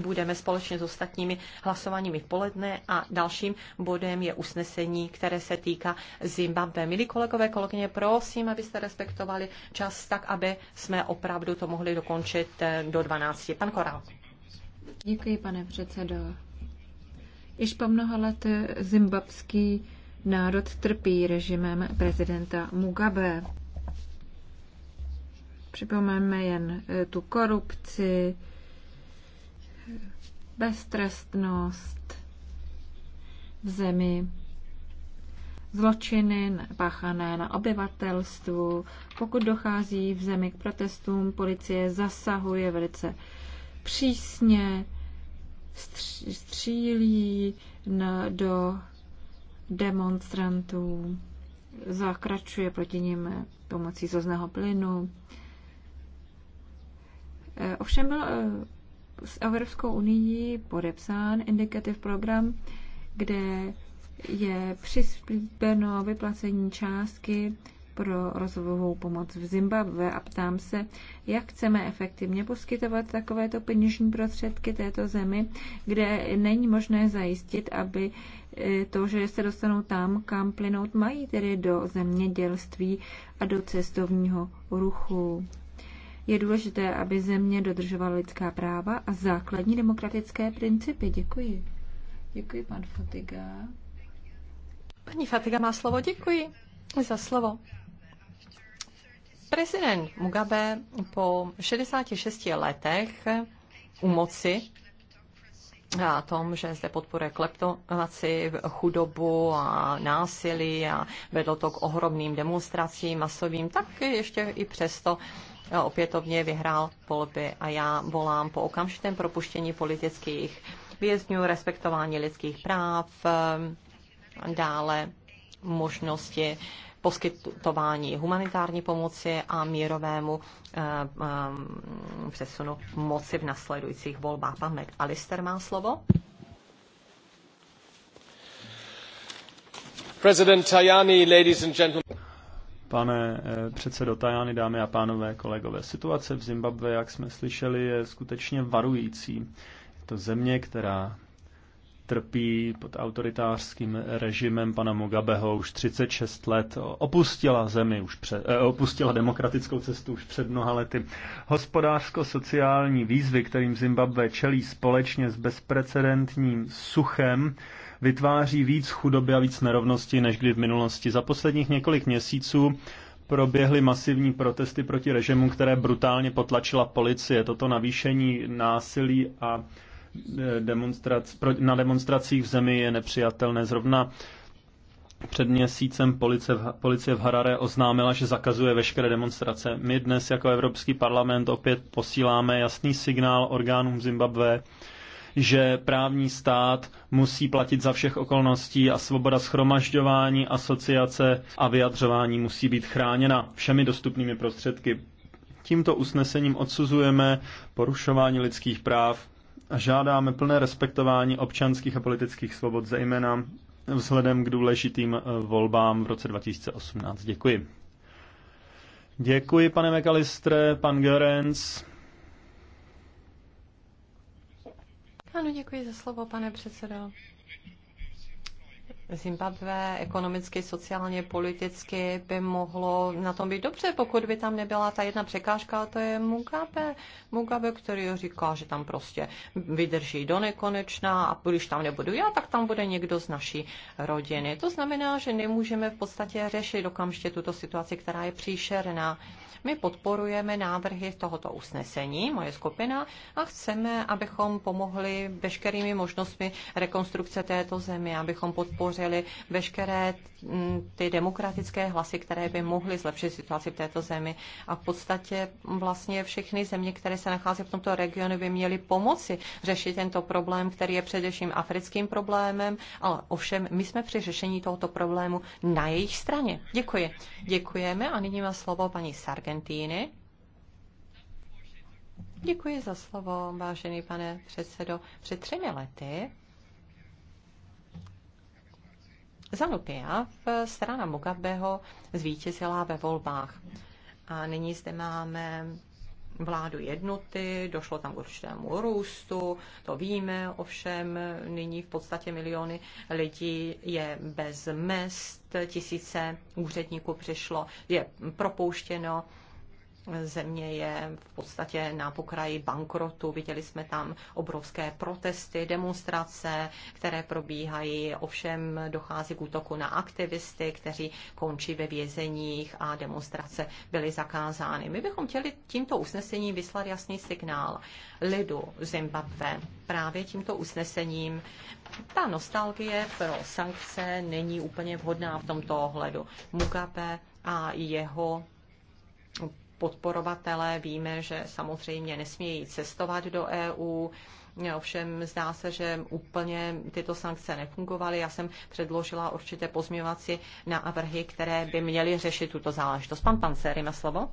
budeme společně s ostatními hlasováními v poledne a dalším bodem je usnesení, které se týká Zimbabwe. Milí kolegové, kolegyně, prosím, abyste respektovali čas tak, aby jsme opravdu to mohli dokončit eh, do 12. Pan Korál. Děkuji, pane předsedo. Již po mnoho let zimbabský národ trpí režimem prezidenta Mugabe. Připomeneme jen eh, tu korupci, beztrestnost v zemi, zločiny páchané na obyvatelstvu. Pokud dochází v zemi k protestům, policie zasahuje velice přísně, střílí do demonstrantů, zakračuje proti nim pomocí zozného plynu. Eh, ovšem bylo eh, s Evropskou unii podepsán indikativ program, kde je přispěno vyplacení částky pro rozvojovou pomoc v Zimbabwe a ptám se, jak chceme efektivně poskytovat takovéto peněžní prostředky této zemi, kde není možné zajistit, aby e, to, že se dostanou tam, kam plynout mají, tedy do zemědělství a do cestovního ruchu. Je důležité, aby země dodržovala lidská práva a základní demokratické principy. Děkuji. Děkuji, pan Fatiga. Paní Fatiga má slovo. Děkuji za slovo. Prezident Mugabe po 66 letech u moci a tom, že zde podporuje kleptomaci, chudobu a násilí a vedlo to k ohromným demonstracím masovým, tak ještě i přesto opětovně vyhrál volby a já volám po okamžitém propuštění politických vězňů, respektování lidských práv, eh, dále možnosti poskytování humanitární pomoci a mírovému eh, eh, přesunu moci v nasledujících volbách. Pan Alister má slovo. President Tajani, ladies and gentlemen. Pane eh, předsedo Tajany, dámy a pánové, kolegové, situace v Zimbabwe, jak jsme slyšeli, je skutečně varující. Je to země, která trpí pod autoritářským režimem pana Mugabeho už 36 let. Opustila zemi, už před, eh, opustila demokratickou cestu už před mnoha lety. Hospodářsko-sociální výzvy, kterým Zimbabwe čelí společně s bezprecedentním suchem, vytváří víc chudoby a víc nerovnosti než kdy v minulosti. Za posledních několik měsíců proběhly masivní protesty proti režimu, které brutálně potlačila policie. Toto navýšení násilí a e, demonstrac, na demonstracích v zemi je nepřijatelné. Zrovna před měsícem policie v, policie v Harare oznámila, že zakazuje veškeré demonstrace. My dnes jako Evropský parlament opět posíláme jasný signál orgánům Zimbabwe, že právní stát musí platit za všech okolností a svoboda schromažďování, asociace a vyjadřování musí být chráněna všemi dostupnými prostředky. Tímto usnesením odsuzujeme porušování lidských práv a žádáme plné respektování občanských a politických svobod, zejména vzhledem k důležitým eh, volbám v roce 2018. Děkuji. Děkuji, pane Mekalistre, pan Görens. Ano, děkuji za slovo, pane předsedo. Zimbabwe ekonomicky, sociálně, politicky by mohlo na tom být dobře, pokud by tam nebyla ta jedna překážka, a to je Mugabe. Mugabe, který říká, že tam prostě vydrží do nekonečna a když tam nebudu já, tak tam bude někdo z naší rodiny. To znamená, že nemůžeme v podstatě řešit okamžitě tuto situaci, která je příšerná. My podporujeme návrhy tohoto usnesení, moje skupina, a chceme, abychom pomohli veškerými možnostmi rekonstrukce této země, abychom podpořili podpořili veškeré mm, ty demokratické hlasy, které by mohly zlepšit situaci v této zemi. A v podstatě vlastně všechny země, které se nachází v tomto regionu, by měly pomoci řešit tento problém, který je především africkým problémem, ale ovšem my jsme při řešení tohoto problému na jejich straně. Děkuji. Děkujeme a nyní má slovo paní Sargentini. Děkuji za slovo, vážený pane předsedo. Před třemi lety Zanu eh, strana Mugabeho, zvítězila ve volbách. A nyní zde máme vládu jednoty, došlo tam k určitému růstu, to víme, ovšem nyní v podstatě miliony lidí je bez mest, tisíce úředníků přišlo, je propouštěno Země je v podstatě na pokraji bankrotu. Viděli jsme tam obrovské protesty, demonstrace, které probíhají. Ovšem dochází k útoku na aktivisty, kteří končí ve vězeních a demonstrace byly zakázány. My bychom chtěli tímto usnesením vyslat jasný signál lidu Zimbabwe. Právě tímto usnesením ta nostalgie pro sankce není úplně vhodná v tomto ohledu. Mugabe a jeho podporovatelé víme, že samozřejmě nesmějí cestovat do EU, Ovšem zdá se, že úplně tyto sankce nefungovaly. Já jsem předložila určité pozměňovací návrhy, které by měly řešit tuto záležitost. Pan Pancery má slovo.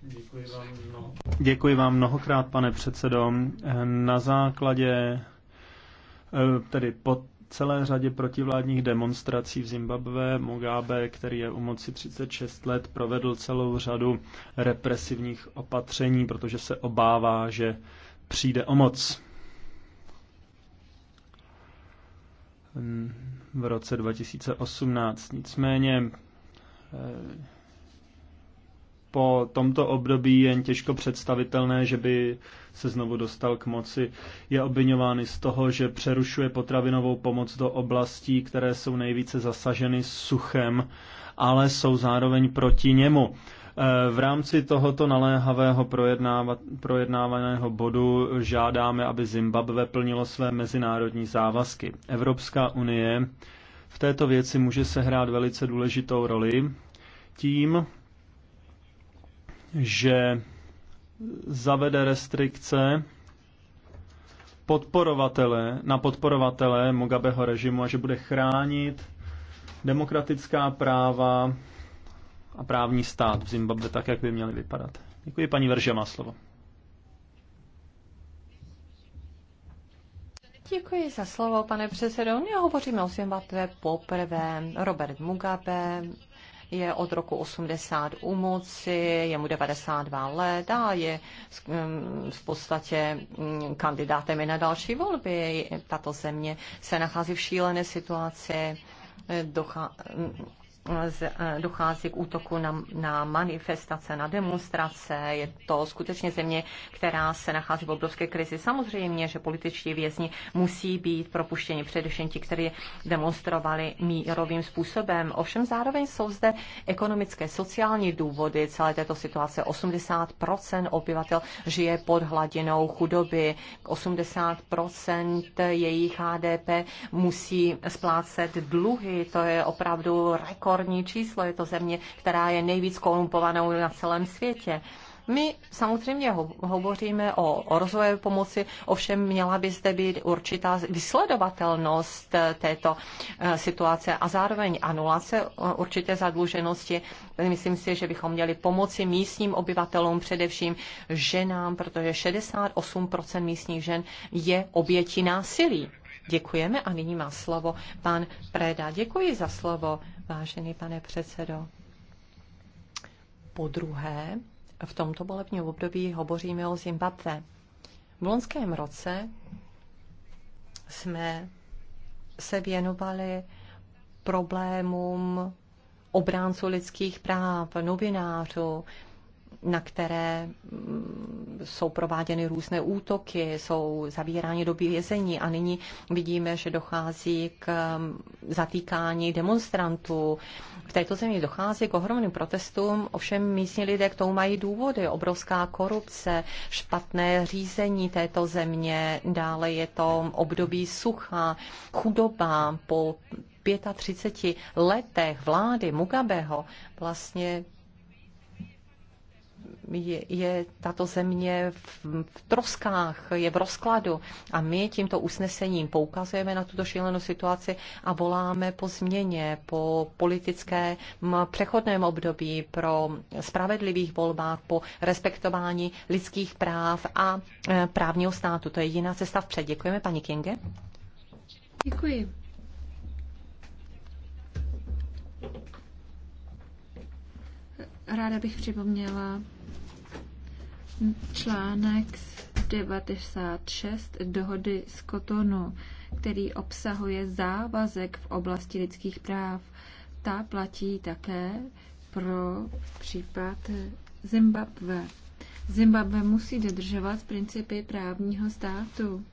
Děkuji vám, mnoho. Děkuji vám mnohokrát, pane předsedo. Na základě eh, tedy pod celé řadě protivládních demonstrací v Zimbabwe. Mugabe, který je u moci 36 let, provedl celou řadu represivních opatření, protože se obává, že přijde o moc. V roce 2018. Nicméně eh, po tomto období jen těžko představitelné, že by se znovu dostal k moci. Je obvinován z toho, že přerušuje potravinovou pomoc do oblastí, které jsou nejvíce zasaženy suchem, ale jsou zároveň proti němu. Eh, v rámci tohoto naléhavého projednávaného bodu žádáme, aby Zimbabwe plnilo své mezinárodní závazky. Evropská unie v této věci může sehrát velice důležitou roli tím, že zavede restrikce podporovatele, na podporovatele Mugabeho režimu a že bude chránit demokratická práva a právní stát v Zimbabwe tak, jak by měly vypadat. Děkuji, paní Verže, má slovo. Děkuji za slovo, pane předsedo. My hovoříme o Zimbabwe poprvé. Robert Mugabe je od roku 80 u moci, je mu 92 let a je mm, v podstatě mm, kandidátem i na další volby. Tato země se nachází v šílené situaci, docha- Eh, dochází k útoku na, na manifestace, na demonstrace. Je to skutečně země, která se nachází v obrovské krizi. Samozřejmě, že političtí vězni musí být propuštěni, především ti, kteří demonstrovali mírovým způsobem. Ovšem zároveň jsou zde ekonomické, sociální důvody celé této situace. 80 obyvatel žije pod hladinou chudoby, 80 jejich HDP musí splácet dluhy. To je opravdu rekord rekordní číslo. Je to země, která je nejvíc korumpovanou na celém světě. My samozřejmě hovoříme o, o rozvoje pomoci, ovšem měla by zde být určitá vysledovatelnost eh, této eh, situace a zároveň anulace eh, určité zadluženosti. Myslím si, že bychom měli pomoci místním obyvatelům, především ženám, protože 68% místních žen je obětí násilí. Děkujeme a nyní má slovo pan Preda. Děkuji za slovo, vážený pane předsedo. Po druhé, v tomto volebním období hovoříme o Zimbabve. V loňském roce jsme se věnovali problémům obránců lidských práv, novinářů, na které jsou prováděny různé útoky, jsou zavíráni do vězení a nyní vidíme, že dochází k um, zatýkání demonstrantů. V této zemi dochází k ohromným protestům, ovšem místní lidé k tomu mají důvody. Obrovská korupce, špatné řízení této země, dále je to období sucha, chudoba po 35 letech vlády Mugabeho vlastně je, je tato země v, v troskách, je v rozkladu a my tímto usnesením poukazujeme na tuto šílenou situaci a voláme po změně, po politickém přechodném období pro spravedlivých volbách, po respektování lidských práv a e, právního státu. To je jediná cesta vpřed. Děkujeme, paní Kinge. Děkuji. Ráda bych připomněla článek 96 dohody z Kotonu, který obsahuje závazek v oblasti lidských práv. Ta platí také pro případ Zimbabwe. Zimbabwe musí dodržovat principy právního státu.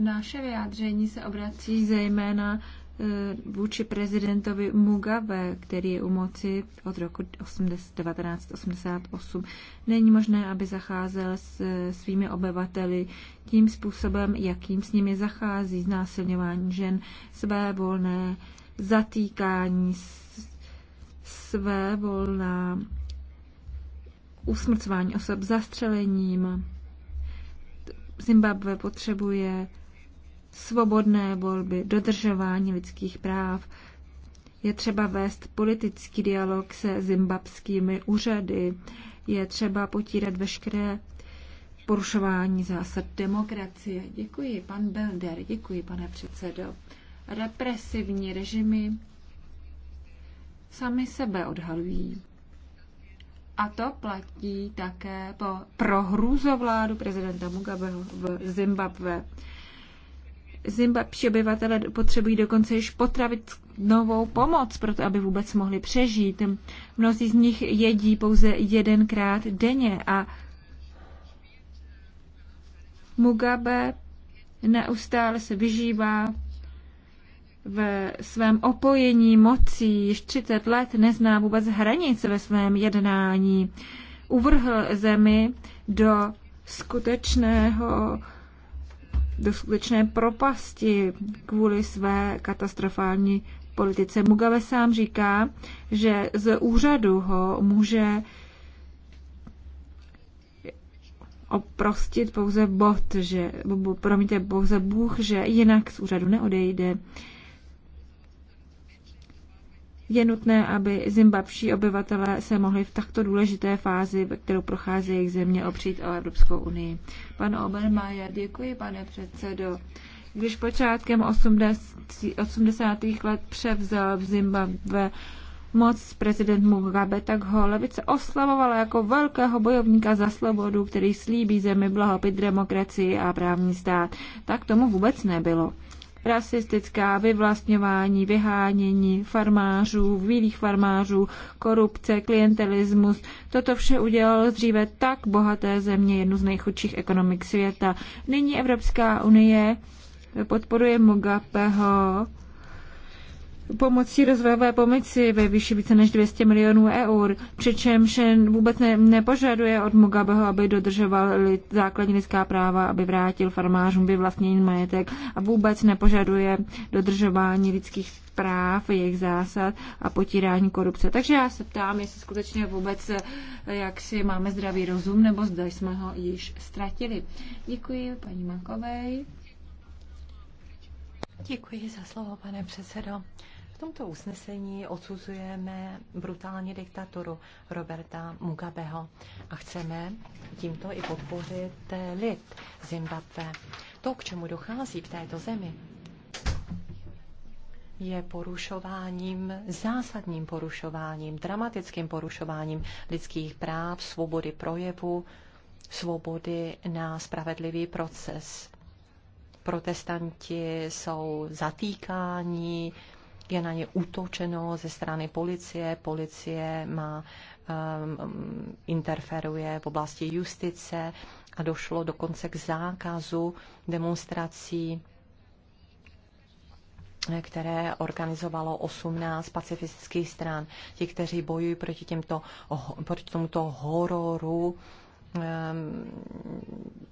Naše vyjádření se obrací zejména Eh, vůči prezidentovi Mugabe, který je u moci od roku 1988. Není možné, aby zacházel s eh, svými obyvateli tím způsobem, jakým s nimi zachází znásilňování žen, své volné zatýkání, své volná usmrcování osob zastřelením. Zimbabwe potřebuje svobodné volby, dodržování lidských práv. Je třeba vést politický dialog se zimbabskými úřady, je třeba potírat veškeré porušování zásad demokracie. Děkuji, pan Belder, děkuji, pane předsedo. Represivní režimy sami sebe odhalují. A to platí také po, prohrůzovládu prezidenta Mugabeho v Zimbabwe. Zimbabši obyvatele potřebují dokonce již potravit novou pomoc, proto aby vůbec mohli přežít. Mnozí z nich jedí pouze jedenkrát denně a Mugabe neustále se vyžívá ve svém opojení mocí již 30 let nezná vůbec hranice ve svém jednání. Uvrhl zemi do skutečného do skutečné propasti kvůli své katastrofální politice. Mugabe sám říká, že z úřadu ho může oprostit pouze bod, že, promiňte, pouze Bůh, že jinak z úřadu neodejde. Je nutné, aby zimbabští obyvatelé se mohli v takto důležité fázi, ve kterou prochází jejich země, opřít o Evropskou unii. Pan Obermajer, děkuji, pane předsedo. Když počátkem 80. let převzal v Zimbabwe moc prezident Mugabe, tak ho levice oslavovala jako velkého bojovníka za svobodu, který slíbí zemi blahopit demokracii a právní stát. Tak tomu vůbec nebylo rasistická vyvlastňování, vyhánění farmářů, výlých farmářů, korupce, klientelismus. Toto vše udělalo dříve tak bohaté země, jednu z nejchudších ekonomik světa. Nyní Evropská unie podporuje Mugapeho pomocí rozvojové pomoci ve výši více než 200 milionů eur, přičemž vůbec ne, nepožaduje od Mugabeho, aby dodržoval základní lidská práva, aby vrátil farmářům vyvlastněný majetek a vůbec nepožaduje dodržování lidských práv, jejich zásad a potírání korupce. Takže já se ptám, jestli skutečně vůbec jak si máme zdravý rozum, nebo zda jsme ho již ztratili. Děkuji paní Makovej. Děkuji za slovo, pane předsedo tomto usnesení odsuzujeme brutální diktaturu Roberta Mugabeho a chceme tímto i podpořit eh, lid Zimbabwe. To, k čemu dochází v této zemi, je porušováním, zásadním porušováním, dramatickým porušováním lidských práv, svobody projevu, svobody na spravedlivý proces protestanti jsou zatýkáni, je na ně útočeno ze strany policie, policie má, um, interferuje v oblasti justice a došlo dokonce k zákazu demonstrací které organizovalo 18 pacifistických stran. Ti, kteří bojují proti, těmto, proti tomuto hororu, um,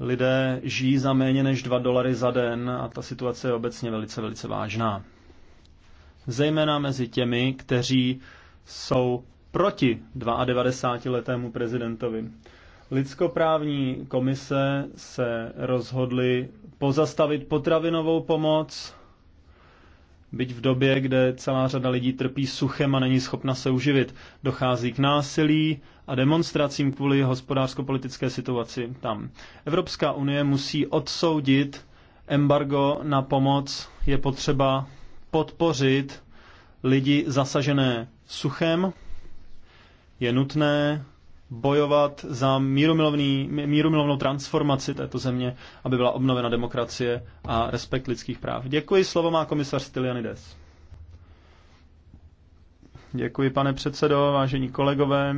lidé žijí za méně než 2 dolary za den a ta situace je obecně velice, velice vážná. Zejména mezi těmi, kteří jsou proti 92-letému prezidentovi. Lidskoprávní komise se rozhodly pozastavit potravinovou pomoc, Byť v době, kde celá řada lidí trpí suchem a není schopna se uživit, dochází k násilí a demonstracím kvůli hospodářsko-politické situaci tam. Evropská unie musí odsoudit embargo na pomoc. Je potřeba podpořit lidi zasažené suchem. Je nutné bojovat za mírumilovný, mírumilovnou transformaci této země, aby byla obnovena demokracie a respekt lidských práv. Děkuji, slovo má komisař Stylianides. Děkuji, pane předsedo, vážení kolegové.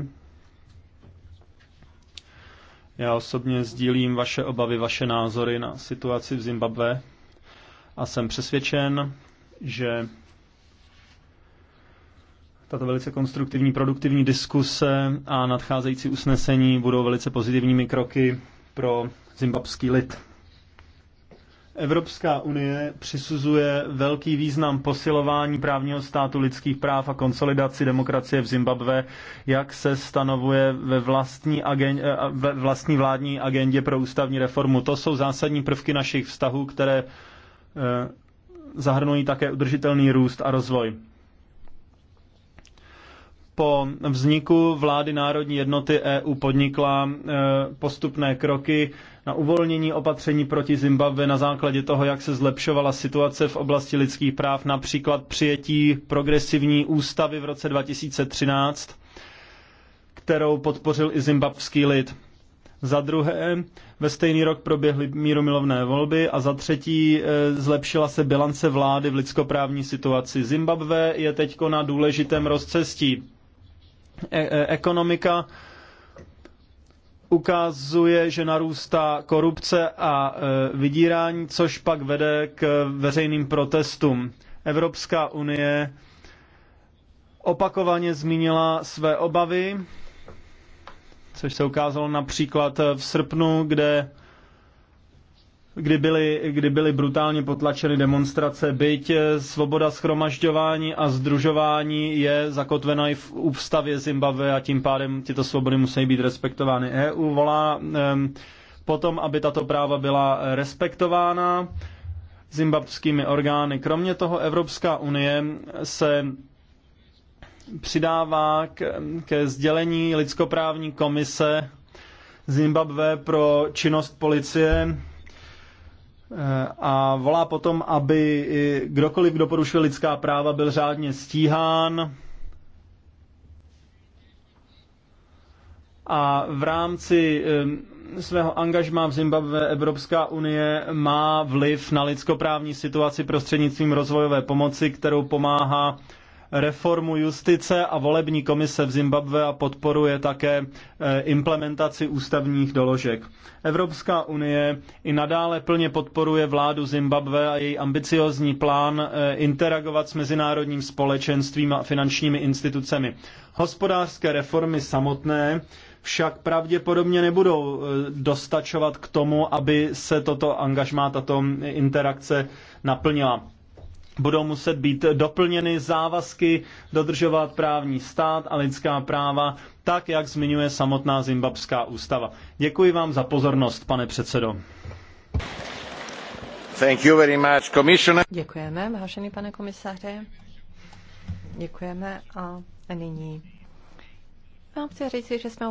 Já osobně sdílím vaše obavy, vaše názory na situaci v Zimbabwe a jsem přesvědčen, že tato velice konstruktivní, produktivní diskuse a nadcházející usnesení budou velice pozitivními kroky pro zimbabský lid. Evropská unie přisuzuje velký význam posilování právního státu lidských práv a konsolidaci demokracie v Zimbabve, jak se stanovuje ve vlastní, agen, eh, ve vlastní vládní agendě pro ústavní reformu. To jsou zásadní prvky našich vztahů, které eh, zahrnují také udržitelný růst a rozvoj po vzniku vlády Národní jednoty EU podnikla e, postupné kroky na uvolnění opatření proti Zimbabwe na základě toho, jak se zlepšovala situace v oblasti lidských práv, například přijetí progresivní ústavy v roce 2013, kterou podpořil i zimbabský lid. Za druhé, ve stejný rok proběhly míromilovné volby a za třetí e, zlepšila se bilance vlády v lidskoprávní situaci. Zimbabwe je teď na důležitém rozcestí. E, e, ekonomika ukazuje, že narůstá korupce a e, vydírání, což pak vede k veřejným protestům. Evropská unie opakovaně zmínila své obavy, což se ukázalo například v srpnu, kde kdy byly, kdy byly brutálně potlačeny demonstrace, byť eh, svoboda schromažďování a združování je zakotvena i v ústavě Zimbabwe a tím pádem tyto svobody musí být respektovány. EU volá eh, potom, aby tato práva byla respektována zimbabskými orgány. Kromě toho Evropská unie se přidává k, ke sdělení lidskoprávní komise Zimbabwe pro činnost policie Eh, a volá potom, aby kdokoliv, kdo porušuje lidská práva, byl řádně stíhán. A v rámci eh, svého angažmá v Zimbabwe Evropská unie má vliv na lidskoprávní situaci prostřednictvím rozvojové pomoci, kterou pomáhá reformu justice a volební komise v Zimbabwe a podporuje také eh, implementaci ústavních doložek. Evropská unie i nadále plně podporuje vládu Zimbabwe a její ambiciozní plán eh, interagovat s mezinárodním společenstvím a finančními institucemi. Hospodářské reformy samotné však pravděpodobně nebudou eh, dostačovat k tomu, aby se toto angažmá, tato interakce naplnila budou muset být doplněny závazky dodržovat právní stát a lidská práva, tak jak zmiňuje samotná Zimbabská ústava. Děkuji vám za pozornost, pane předsedo. Thank you very much, commissioner. Děkujeme, vážený pane komisaře. Děkujeme a nyní vám chci říct, že jsme